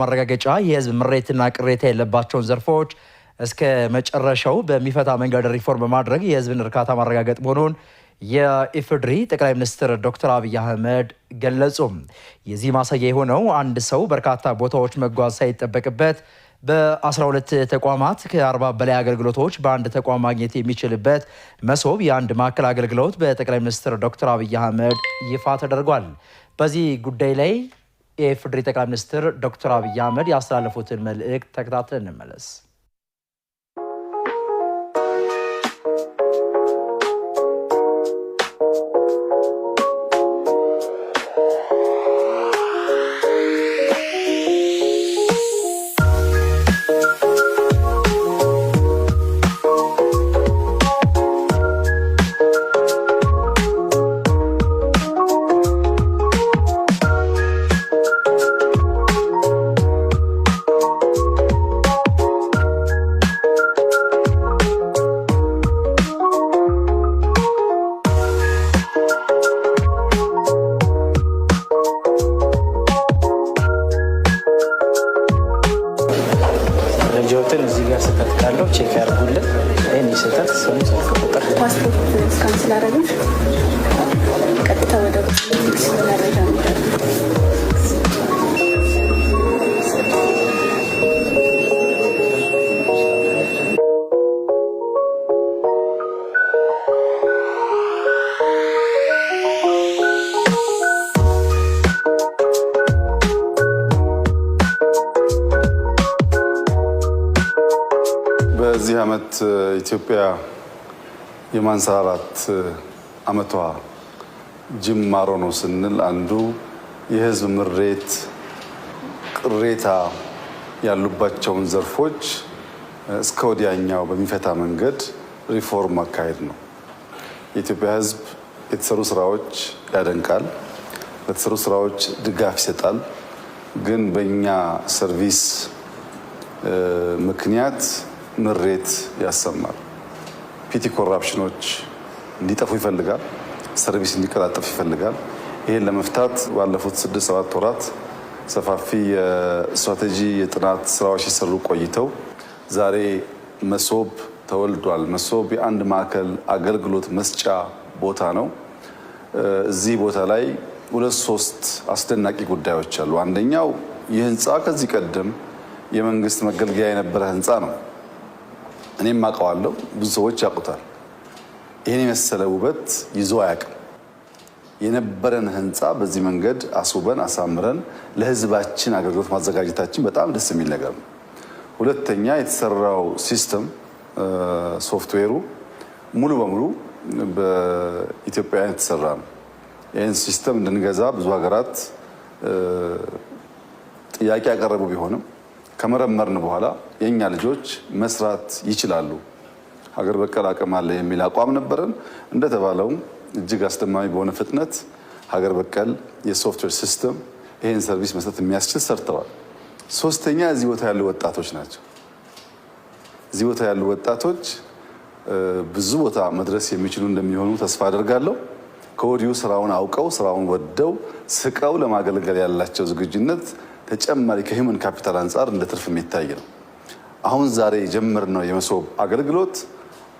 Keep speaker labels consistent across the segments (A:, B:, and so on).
A: ማረጋገጫ የህዝብ ምሬትና ቅሬታ የለባቸውን ዘርፎች እስከ መጨረሻው በሚፈታ መንገድ ሪፎርም በማድረግ የህዝብን እርካታ ማረጋገጥ መሆኑን የኢፍድሪ ጠቅላይ ሚኒስትር ዶክተር አብይ አህመድ ገለጹ። የዚህ ማሳያ የሆነው አንድ ሰው በርካታ ቦታዎች መጓዝ ሳይጠበቅበት በ12 ተቋማት ከ40 በላይ አገልግሎቶች በአንድ ተቋም ማግኘት የሚችልበት መሶብ የአንድ ማዕከል አገልግሎት በጠቅላይ ሚኒስትር ዶክተር አብይ አህመድ ይፋ ተደርጓል። በዚህ ጉዳይ ላይ የኢፌዴሪ ጠቅላይ ሚኒስትር ዶክተር አብይ አህመድ ያስተላለፉትን መልእክት ተከታትለን እንመለስ። የኢትዮጵያ የማንሰራራት አመቷ ጅማሮ ነው ስንል አንዱ የህዝብ ምሬት፣ ቅሬታ ያሉባቸውን ዘርፎች እስከ ወዲያኛው በሚፈታ መንገድ ሪፎርም አካሄድ ነው። የኢትዮጵያ ህዝብ የተሰሩ ስራዎች ያደንቃል፣ ለተሰሩ ስራዎች ድጋፍ ይሰጣል። ግን በእኛ ሰርቪስ ምክንያት ምሬት ያሰማል። ፒቲ ኮራፕሽኖች እንዲጠፉ ይፈልጋል። ሰርቪስ እንዲቀላጠፍ ይፈልጋል። ይህን ለመፍታት ባለፉት ስድስት ሰባት ወራት ሰፋፊ የስትራቴጂ የጥናት ስራዎች ሲሰሩ ቆይተው ዛሬ መሶብ ተወልዷል። መሶብ የአንድ ማዕከል አገልግሎት መስጫ ቦታ ነው። እዚህ ቦታ ላይ ሁለት ሶስት አስደናቂ ጉዳዮች አሉ። አንደኛው ይህ ህንፃ ከዚህ ቀደም የመንግስት መገልገያ የነበረ ህንፃ ነው። እኔም አውቀዋለሁ፣ ብዙ ሰዎች ያውቁታል። ይህን የመሰለ ውበት ይዞ አያውቅም። የነበረን ህንፃ በዚህ መንገድ አስውበን አሳምረን ለህዝባችን አገልግሎት ማዘጋጀታችን በጣም ደስ የሚል ነገር ነው። ሁለተኛ የተሰራው ሲስተም ሶፍትዌሩ ሙሉ በሙሉ በኢትዮጵያውያን የተሰራ ነው። ይህን ሲስተም እንድንገዛ ብዙ ሀገራት ጥያቄ ያቀረቡ ቢሆንም ከመረመርን በኋላ የእኛ ልጆች መስራት ይችላሉ፣ ሀገር በቀል አቅም አለ የሚል አቋም ነበረን። እንደተባለውም እጅግ አስደማሚ በሆነ ፍጥነት ሀገር በቀል የሶፍትዌር ሲስተም ይህን ሰርቪስ መስጠት የሚያስችል ሰርተዋል። ሶስተኛ እዚህ ቦታ ያሉ ወጣቶች ናቸው። እዚህ ቦታ ያሉ ወጣቶች ብዙ ቦታ መድረስ የሚችሉ እንደሚሆኑ ተስፋ አደርጋለሁ። ከወዲሁ ስራውን አውቀው ስራውን ወደው ስቀው ለማገልገል ያላቸው ዝግጁነት ተጨማሪ ከሂውመን ካፒታል አንጻር እንደ ትርፍ የሚታይ ነው። አሁን ዛሬ የጀመርነው የመሶብ አገልግሎት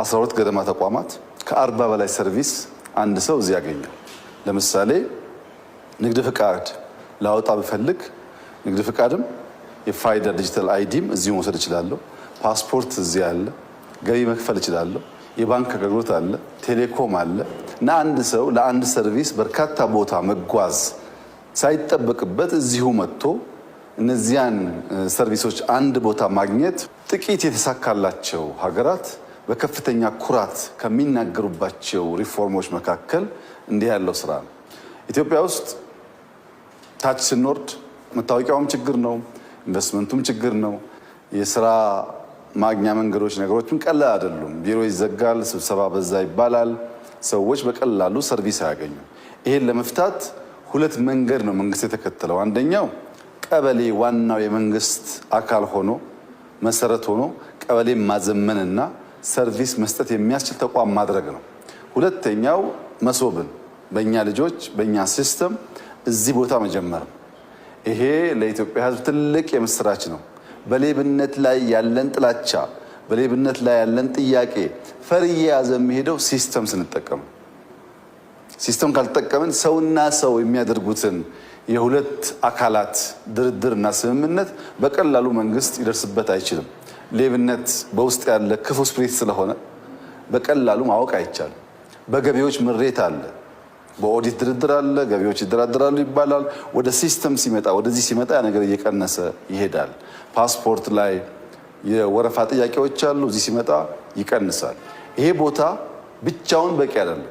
A: 12 ገደማ ተቋማት ከአርባ በላይ ሰርቪስ አንድ ሰው እዚህ ያገኛል። ለምሳሌ ንግድ ፍቃድ ላወጣ ብፈልግ ንግድ ፍቃድም የፋይዳ ዲጂታል አይዲም እዚሁ መውሰድ እችላለሁ። ፓስፖርት እዚህ አለ። ገቢ መክፈል እችላለሁ። የባንክ አገልግሎት አለ። ቴሌኮም አለ እና አንድ ሰው ለአንድ ሰርቪስ በርካታ ቦታ መጓዝ ሳይጠበቅበት እዚሁ መጥቶ እነዚያን ሰርቪሶች አንድ ቦታ ማግኘት ጥቂት የተሳካላቸው ሀገራት በከፍተኛ ኩራት ከሚናገሩባቸው ሪፎርሞች መካከል እንዲህ ያለው ስራ ነው። ኢትዮጵያ ውስጥ ታች ስንወርድ መታወቂያውም ችግር ነው፣ ኢንቨስትመንቱም ችግር ነው። የስራ ማግኛ መንገዶች ነገሮችም ቀላል አይደሉም። ቢሮ ይዘጋል፣ ስብሰባ በዛ ይባላል። ሰዎች በቀላሉ ሰርቪስ አያገኙ። ይሄን ለመፍታት ሁለት መንገድ ነው መንግስት የተከተለው አንደኛው ቀበሌ ዋናው የመንግስት አካል ሆኖ መሰረት ሆኖ ቀበሌ ማዘመንና ሰርቪስ መስጠት የሚያስችል ተቋም ማድረግ ነው። ሁለተኛው መሶብን በእኛ ልጆች በእኛ ሲስተም እዚህ ቦታ መጀመር ይሄ ለኢትዮጵያ ሕዝብ ትልቅ የምስራች ነው። በሌብነት ላይ ያለን ጥላቻ፣ በሌብነት ላይ ያለን ጥያቄ ፈር እየያዘ የሚሄደው ሲስተም ስንጠቀም ሲስተም ካልተጠቀምን ሰውና ሰው የሚያደርጉትን የሁለት አካላት ድርድርና ስምምነት በቀላሉ መንግስት ይደርስበት አይችልም። ሌብነት በውስጥ ያለ ክፉ ስፕሪት ስለሆነ በቀላሉ ማወቅ አይቻልም። በገቢዎች ምሬት አለ፣ በኦዲት ድርድር አለ፣ ገቢዎች ይደራደራሉ ይባላል። ወደ ሲስተም ሲመጣ ወደዚህ ሲመጣ ያ ነገር እየቀነሰ ይሄዳል። ፓስፖርት ላይ የወረፋ ጥያቄዎች አሉ፣ እዚህ ሲመጣ ይቀንሳል። ይሄ ቦታ ብቻውን በቂ አይደለም።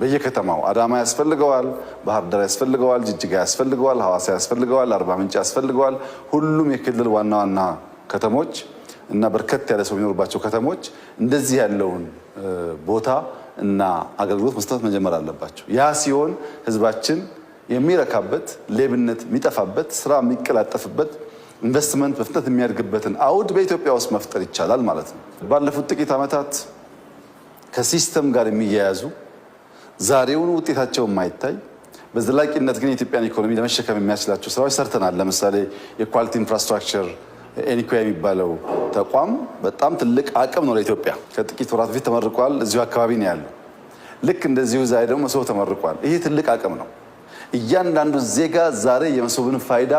A: በየከተማው አዳማ ያስፈልገዋል፣ ባህር ዳር ያስፈልገዋል፣ ጅጅጋ ያስፈልገዋል፣ ሐዋሳ ያስፈልገዋል፣ አርባ ምንጭ ያስፈልገዋል። ሁሉም የክልል ዋና ዋና ከተሞች እና በርከት ያለ ሰው የሚኖርባቸው ከተሞች እንደዚህ ያለውን ቦታ እና አገልግሎት መስጠት መጀመር አለባቸው። ያ ሲሆን ህዝባችን የሚረካበት፣ ሌብነት የሚጠፋበት፣ ስራ የሚቀላጠፍበት፣ ኢንቨስትመንት በፍጥነት የሚያድግበትን አውድ በኢትዮጵያ ውስጥ መፍጠር ይቻላል ማለት ነው። ባለፉት ጥቂት ዓመታት ከሲስተም ጋር የሚያያዙ ዛሬውን ውጤታቸው የማይታይ በዘላቂነት ግን የኢትዮጵያን ኢኮኖሚ ለመሸከም የሚያስችላቸው ስራዎች ሰርተናል። ለምሳሌ የኳሊቲ ኢንፍራስትራክቸር ኤኒኮያ የሚባለው ተቋም በጣም ትልቅ አቅም ነው ለኢትዮጵያ። ከጥቂት ወራት በፊት ተመርቋል። እዚሁ አካባቢ ነው ያሉ። ልክ እንደዚሁ ዛሬ ደግሞ መሶብ ተመርቋል። ይህ ትልቅ አቅም ነው። እያንዳንዱ ዜጋ ዛሬ የመሶብን ፋይዳ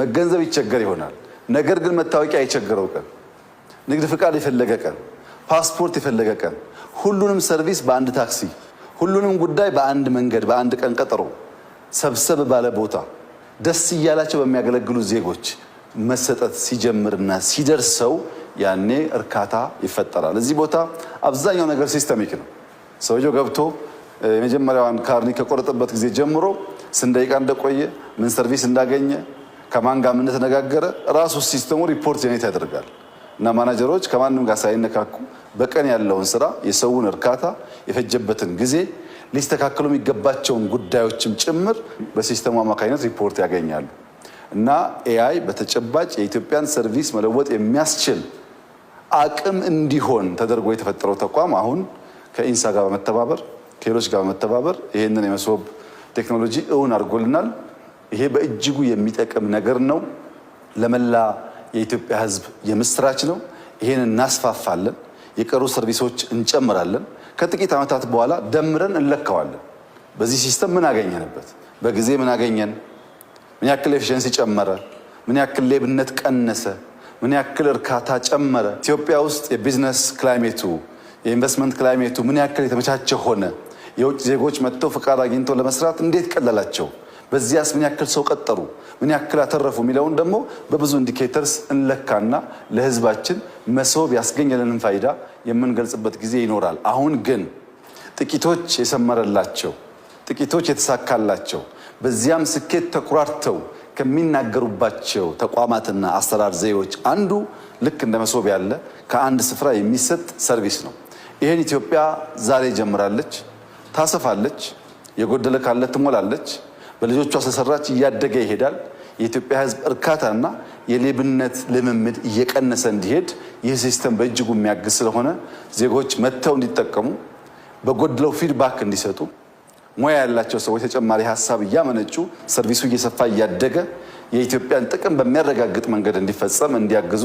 A: መገንዘብ ይቸገር ይሆናል። ነገር ግን መታወቂያ የቸገረው ቀን፣ ንግድ ፍቃድ የፈለገ ቀን፣ ፓስፖርት የፈለገ ቀን፣ ሁሉንም ሰርቪስ በአንድ ታክሲ ሁሉንም ጉዳይ በአንድ መንገድ በአንድ ቀን ቀጠሮ ሰብሰብ ባለ ቦታ ደስ እያላቸው በሚያገለግሉ ዜጎች መሰጠት ሲጀምርና ሲደርሰው ያኔ እርካታ ይፈጠራል። እዚህ ቦታ አብዛኛው ነገር ሲስተሚክ ነው። ሰውየው ገብቶ የመጀመሪያዋን ካርኒ ከቆረጠበት ጊዜ ጀምሮ ስንት ደቂቃ እንደቆየ፣ ምን ሰርቪስ እንዳገኘ፣ ከማን ጋር ምን እንደተነጋገረ ራሱ ሲስተሙ ሪፖርት ጀኔት ያደርጋል። እና ማናጀሮች ከማንም ጋር ሳይነካኩ በቀን ያለውን ስራ፣ የሰውን እርካታ፣ የፈጀበትን ጊዜ፣ ሊስተካከሉ የሚገባቸውን ጉዳዮችም ጭምር በሲስተሙ አማካኝነት ሪፖርት ያገኛሉ እና ኤአይ በተጨባጭ የኢትዮጵያን ሰርቪስ መለወጥ የሚያስችል አቅም እንዲሆን ተደርጎ የተፈጠረው ተቋም አሁን ከኢንሳ ጋር በመተባበር ከሌሎች ጋር በመተባበር ይህንን የመሶብ ቴክኖሎጂ እውን አድርጎልናል። ይሄ በእጅጉ የሚጠቅም ነገር ነው ለመላ የኢትዮጵያ ሕዝብ የምስራች ነው። ይህን እናስፋፋለን። የቀሩ ሰርቪሶች እንጨምራለን። ከጥቂት ዓመታት በኋላ ደምረን እንለካዋለን። በዚህ ሲስተም ምን አገኘንበት? በጊዜ ምን አገኘን? ምን ያክል ኤፊሽንሲ ጨመረ? ምን ያክል ሌብነት ቀነሰ? ምን ያክል እርካታ ጨመረ? ኢትዮጵያ ውስጥ የቢዝነስ ክላይሜቱ የኢንቨስትመንት ክላይሜቱ ምን ያክል የተመቻቸ ሆነ? የውጭ ዜጎች መጥተው ፈቃድ አግኝተው ለመስራት እንዴት ቀለላቸው? በዚያስ ምን ያክል ሰው ቀጠሩ፣ ምን ያክል አተረፉ የሚለውን ደግሞ በብዙ ኢንዲኬተርስ እንለካና ለህዝባችን መሶብ ያስገኘልንን ፋይዳ የምንገልጽበት ጊዜ ይኖራል። አሁን ግን ጥቂቶች የሰመረላቸው፣ ጥቂቶች የተሳካላቸው በዚያም ስኬት ተኩራርተው ከሚናገሩባቸው ተቋማትና አሰራር ዘዴዎች አንዱ ልክ እንደ መሶብ ያለ ከአንድ ስፍራ የሚሰጥ ሰርቪስ ነው። ይህን ኢትዮጵያ ዛሬ ጀምራለች፣ ታሰፋለች፣ የጎደለ ካለ ትሞላለች። በልጆቿ ስለሰራች እያደገ ይሄዳል። የኢትዮጵያ ሕዝብ እርካታና የሌብነት ልምምድ እየቀነሰ እንዲሄድ ይህ ሲስተም በእጅጉ የሚያግዝ ስለሆነ ዜጎች መጥተው እንዲጠቀሙ በጎድለው ፊድባክ እንዲሰጡ ሙያ ያላቸው ሰዎች ተጨማሪ ሀሳብ እያመነጩ ሰርቪሱ እየሰፋ እያደገ የኢትዮጵያን ጥቅም በሚያረጋግጥ መንገድ እንዲፈጸም እንዲያግዙ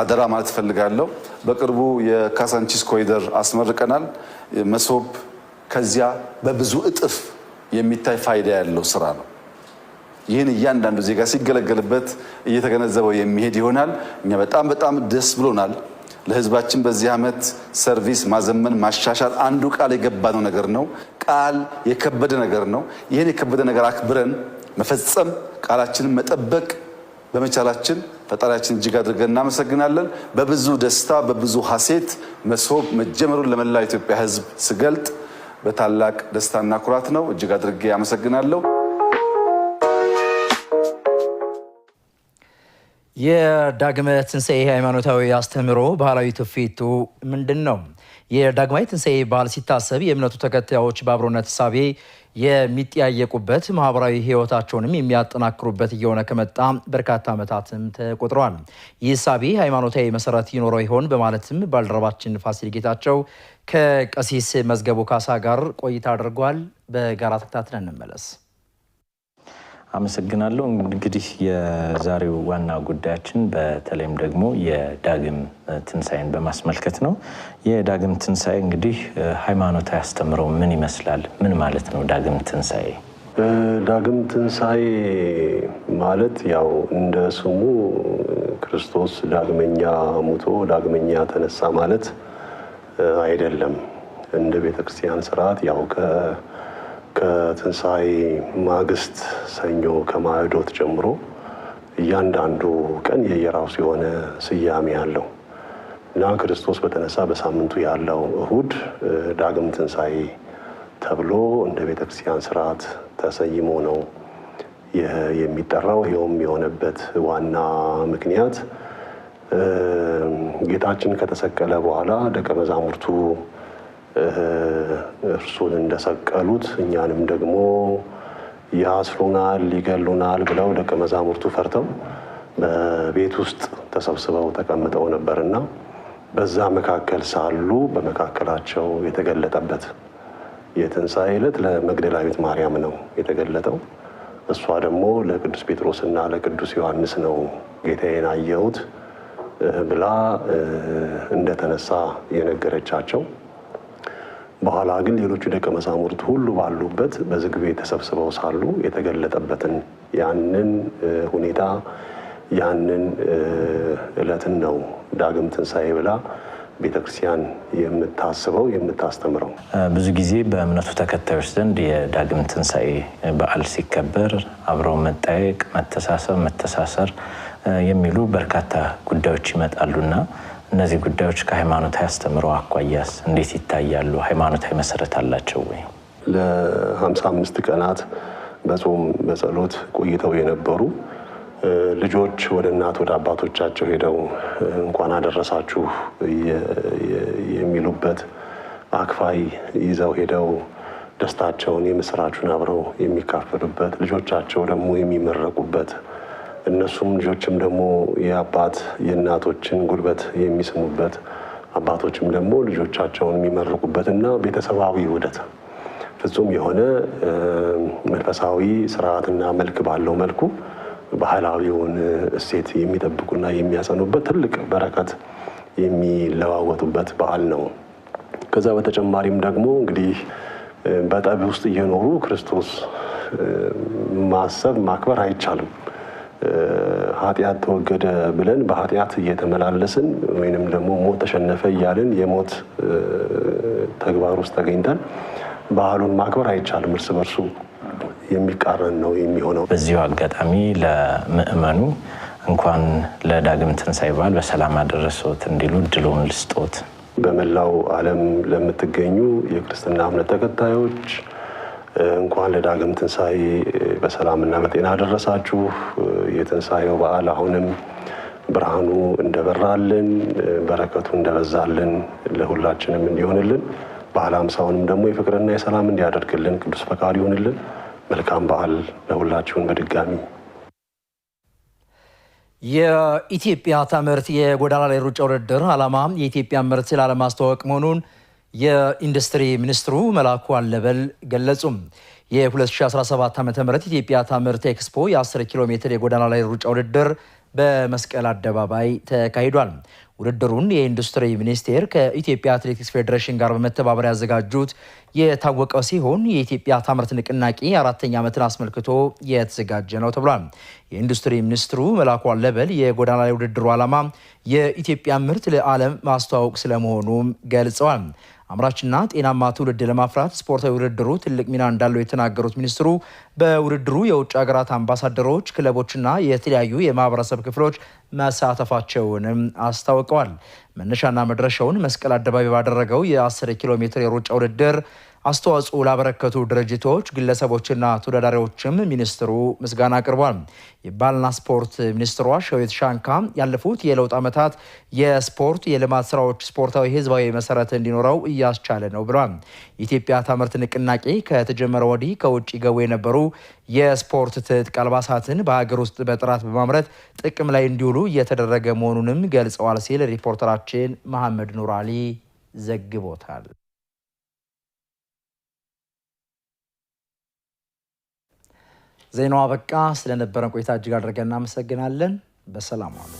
A: አደራ ማለት እፈልጋለሁ። በቅርቡ የካሳንቺስ ኮሪደር አስመርቀናል። መሶብ ከዚያ በብዙ እጥፍ የሚታይ ፋይዳ ያለው ስራ ነው። ይህን እያንዳንዱ ዜጋ ሲገለገልበት እየተገነዘበው የሚሄድ ይሆናል። እኛ በጣም በጣም ደስ ብሎናል። ለህዝባችን በዚህ ዓመት ሰርቪስ ማዘመን ማሻሻል አንዱ ቃል የገባነው ነገር ነው። ቃል የከበደ ነገር ነው። ይህን የከበደ ነገር አክብረን መፈጸም ቃላችንን መጠበቅ በመቻላችን ፈጣሪያችን እጅግ አድርገን እናመሰግናለን። በብዙ ደስታ በብዙ ሀሴት መሶብ መጀመሩን ለመላው ኢትዮጵያ ህዝብ ስገልጥ በታላቅ ደስታና ኩራት ነው። እጅግ አድርጌ አመሰግናለሁ። የዳግመ ትንሣኤ ሃይማኖታዊ አስተምህሮ ባህላዊ ትውፊቱ ምንድን ነው? የዳግማዊ ትንሣኤ በዓል ሲታሰብ የእምነቱ ተከታዮች በአብሮነት ሳቤ የሚጠያየቁበት ማህበራዊ ህይወታቸውንም የሚያጠናክሩበት እየሆነ ከመጣ በርካታ ዓመታትም ተቆጥረዋል። ይህ ሳቤ ሃይማኖታዊ መሰረት ይኖረው ይሆን በማለትም ባልደረባችን ፋሲል ጌታቸው ከቀሲስ መዝገቡ ካሳ ጋር ቆይታ አድርጓል። በጋራ ተከታትለን እንመለስ። አመሰግናለሁ። እንግዲህ የዛሬው ዋና ጉዳያችን በተለይም ደግሞ የዳግም ትንሣኤን በማስመልከት ነው። የዳግም ትንሣኤ እንግዲህ ሃይማኖታዊ አስተምረው ምን ይመስላል? ምን ማለት ነው ዳግም ትንሣኤ? ዳግም ትንሣኤ ማለት ያው እንደ ስሙ ክርስቶስ ዳግመኛ ሙቶ ዳግመኛ ተነሳ ማለት አይደለም። እንደ ቤተክርስቲያን ስርዓት ያው ከትንሣኤ ማግስት ሰኞ ከማዕዶት ጀምሮ እያንዳንዱ ቀን የየራሱ የሆነ ስያሜ አለው እና ክርስቶስ በተነሳ በሳምንቱ ያለው እሁድ ዳግም ትንሣኤ ተብሎ እንደ ቤተ ክርስቲያን ስርዓት ተሰይሞ ነው የሚጠራው። ይኸውም የሆነበት ዋና ምክንያት ጌታችን ከተሰቀለ በኋላ ደቀ መዛሙርቱ እርሱን እንደሰቀሉት እኛንም ደግሞ ያስሩናል፣ ይገሉናል ብለው ደቀ መዛሙርቱ ፈርተው በቤት ውስጥ ተሰብስበው ተቀምጠው ነበርና በዛ መካከል ሳሉ በመካከላቸው የተገለጠበት የትንሣኤ ዕለት ለመግደላዊት ማርያም ነው የተገለጠው። እሷ ደግሞ ለቅዱስ ጴጥሮስና ለቅዱስ ዮሐንስ ነው ጌታዬን አየሁት ብላ እንደተነሳ የነገረቻቸው በኋላ ግን ሌሎቹ ደቀ መዛሙርት ሁሉ ባሉበት በዝግ ቤት ተሰብስበው ሳሉ የተገለጠበትን ያንን ሁኔታ ያንን እለትን ነው ዳግም ትንሣኤ ብላ ቤተ ክርስቲያን የምታስበው የምታስተምረው። ብዙ ጊዜ በእምነቱ ተከታዮች ዘንድ የዳግም ትንሣኤ በዓል ሲከበር አብሮ መጠየቅ፣ መተሳሰብ፣ መተሳሰር የሚሉ በርካታ ጉዳዮች ይመጣሉና እነዚህ ጉዳዮች ከሃይማኖታዊ አስተምሮ አኳያስ እንዴት ይታያሉ? ሃይማኖታዊ መሰረት አላቸው ወይ? ለ55 ቀናት በጾም በጸሎት ቆይተው የነበሩ ልጆች ወደ እናት ወደ አባቶቻቸው ሄደው እንኳን አደረሳችሁ የሚሉበት አክፋይ ይዘው ሄደው ደስታቸውን የምስራቹን አብረው የሚካፈሉበት ልጆቻቸው ደግሞ የሚመረቁበት እነሱም ልጆችም ደግሞ የአባት የእናቶችን ጉልበት የሚስሙበት አባቶችም ደግሞ ልጆቻቸውን የሚመርቁበት እና ቤተሰባዊ ውህደት ፍጹም የሆነ መንፈሳዊ ስርዓትና መልክ ባለው መልኩ ባህላዊውን እሴት የሚጠብቁና የሚያጸኑበት ትልቅ በረከት የሚለዋወጡበት በዓል ነው። ከዛ በተጨማሪም ደግሞ እንግዲህ በጠብ ውስጥ እየኖሩ ክርስቶስ ማሰብ ማክበር አይቻልም። ኃጢአት ተወገደ ብለን በኃጢአት እየተመላለስን ወይንም ደግሞ ሞት ተሸነፈ እያልን የሞት ተግባር ውስጥ ተገኝተን ባህሉን ማክበር አይቻልም። እርስ በርሱ የሚቃረን ነው የሚሆነው። በዚሁ አጋጣሚ ለምዕመኑ እንኳን ለዳግም ትንሣኤ በዓል በሰላም አደረሶት እንዲሉ እድሉን ልስጦት። በመላው ዓለም ለምትገኙ የክርስትና እምነት ተከታዮች እንኳን ለዳግም ትንሣኤ በሰላምና በጤና አደረሳችሁ። የትንሣኤው በዓል አሁንም ብርሃኑ እንደበራልን በረከቱ እንደበዛልን ለሁላችንም እንዲሆንልን በዓለ ሃምሳውንም ደግሞ የፍቅርና የሰላም እንዲያደርግልን ቅዱስ ፈቃድ ይሆንልን። መልካም በዓል ለሁላችሁን። በድጋሚ የኢትዮጵያ ትምህርት የጎዳና ላይ ሩጫ ውድድር ዓላማ የኢትዮጵያ ምርት ላለማስተዋወቅ መሆኑን የኢንዱስትሪ ሚኒስትሩ መላኩ አለበል ገለጹም። የ2017 ዓ ም ኢትዮጵያ ታምርት ኤክስፖ የ10 ኪሎ ሜትር የጎዳና ላይ ሩጫ ውድድር በመስቀል አደባባይ ተካሂዷል። ውድድሩን የኢንዱስትሪ ሚኒስቴር ከኢትዮጵያ አትሌቲክስ ፌዴሬሽን ጋር በመተባበር ያዘጋጁት የታወቀ ሲሆን የኢትዮጵያ ታምርት ንቅናቄ አራተኛ ዓመትን አስመልክቶ የተዘጋጀ ነው ተብሏል። የኢንዱስትሪ ሚኒስትሩ መላኩ አለበል የጎዳና ላይ ውድድሩ ዓላማ የኢትዮጵያ ምርት ለዓለም ማስተዋወቅ ስለመሆኑም ገልጸዋል። አምራችና ጤናማ ትውልድ ለማፍራት ስፖርታዊ ውድድሩ ትልቅ ሚና እንዳለው የተናገሩት ሚኒስትሩ በውድድሩ የውጭ ሀገራት አምባሳደሮች፣ ክለቦችና የተለያዩ የማህበረሰብ ክፍሎች መሳተፋቸውንም አስታውቀዋል። መነሻና መድረሻውን መስቀል አደባባይ ባደረገው የ10 ኪሎ ሜትር የሩጫ ውድድር አስተዋጽኦ ላበረከቱ ድርጅቶች፣ ግለሰቦችና ተወዳዳሪዎችም ሚኒስትሩ ምስጋና አቅርቧል። የባህልና ስፖርት ሚኒስትሯ ሸዊት ሻንካ ያለፉት የለውጥ ዓመታት የስፖርት የልማት ስራዎች ስፖርታዊ ህዝባዊ መሰረት እንዲኖረው እያስቻለ ነው ብሏል። የኢትዮጵያ ታምርት ንቅናቄ ከተጀመረ ወዲህ ከውጭ ገቡ የነበሩ የስፖርት ትጥቅ አልባሳትን በሀገር ውስጥ በጥራት በማምረት ጥቅም ላይ እንዲውሉ እየተደረገ መሆኑንም ገልጸዋል ሲል ሪፖርተራችን መሐመድ ኑር ዘግቦታል። ዜናው አበቃ። ስለነበረን ቆይታ እጅግ አድርገን እናመሰግናለን። በሰላም አሉ።